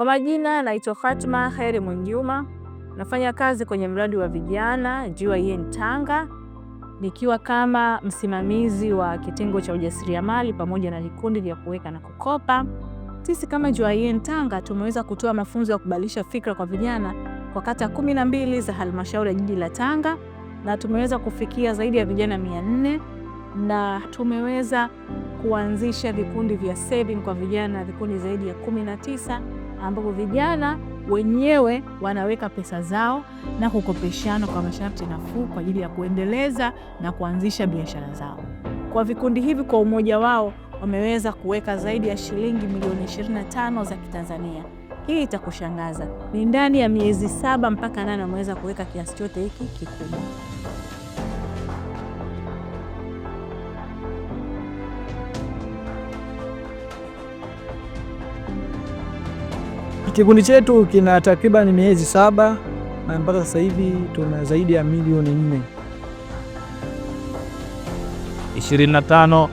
Kwa majina naitwa Fatma Khairi Mwinjuma, nafanya kazi kwenye mradi wa vijana GYN Tanga nikiwa kama msimamizi wa kitengo cha ujasiriamali pamoja na vikundi vya kuweka na kukopa. Sisi kama GYN Tanga tumeweza kutoa mafunzo ya kubadilisha fikra kwa vijana kwa kata kumi na mbili za halmashauri ya jiji la Tanga na tumeweza kufikia zaidi ya vijana mia nne na tumeweza kuanzisha vikundi vya saving kwa vijana vikundi zaidi ya kumi na tisa ambapo vijana wenyewe wanaweka pesa zao na kukopeshana kwa masharti nafuu kwa ajili ya kuendeleza na kuanzisha biashara zao. Kwa vikundi hivi, kwa umoja wao wameweza kuweka zaidi ya shilingi milioni 25 za Kitanzania. Hii itakushangaza, ni ndani ya miezi saba mpaka nane wameweza kuweka kiasi chote hiki kikubwa. Kikundi chetu kina takriban miezi saba na mpaka sasa hivi tuna zaidi ya milioni nne. 25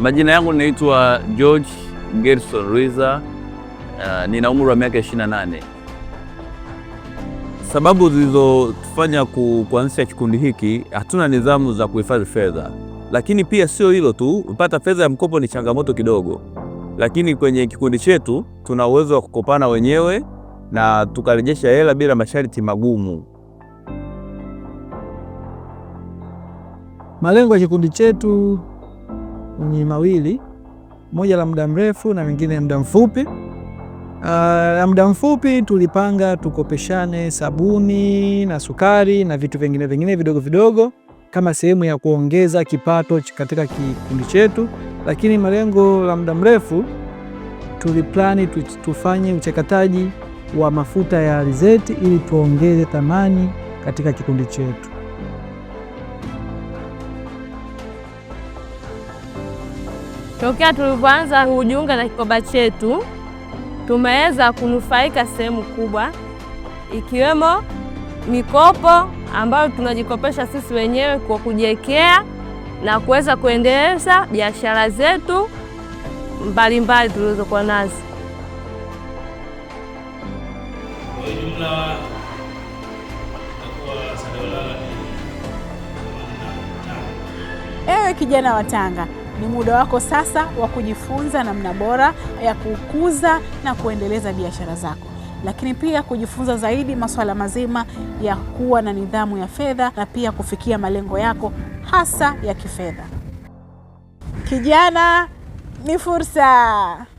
Majina yangu naitwa George Gerson Ruiza. Uh, nina umri wa miaka 28. Sababu zilizotufanya kuanzisha kikundi hiki, hatuna nidhamu za kuhifadhi fedha. Lakini pia sio hilo tu, kupata fedha ya mkopo ni changamoto kidogo, lakini kwenye kikundi chetu tuna uwezo wa kukopana wenyewe na tukarejesha hela bila masharti magumu. Malengo ya kikundi chetu ni mawili, moja la muda mrefu na mengine muda mfupi. Uh, la muda mfupi tulipanga tukopeshane sabuni na sukari na vitu vingine vingine vidogo vidogo kama sehemu ya kuongeza kipato katika kikundi chetu, lakini malengo la muda mrefu tuliplani tufanye uchakataji wa mafuta ya alizeti ili tuongeze thamani katika kikundi chetu. Tokea tulivyoanza kujiunga na kikoba chetu tumeweza kunufaika sehemu kubwa ikiwemo mikopo ambayo tunajikopesha sisi wenyewe kwa kujiwekea na kuweza kuendeleza biashara zetu mbalimbali tulizokuwa nazo. Kwa ewe kijana wa Tanga, ni muda wako sasa wa kujifunza namna bora ya kukuza na kuendeleza biashara zako lakini pia kujifunza zaidi masuala mazima ya kuwa na nidhamu ya fedha na pia kufikia malengo yako hasa ya kifedha. Kijana, ni fursa.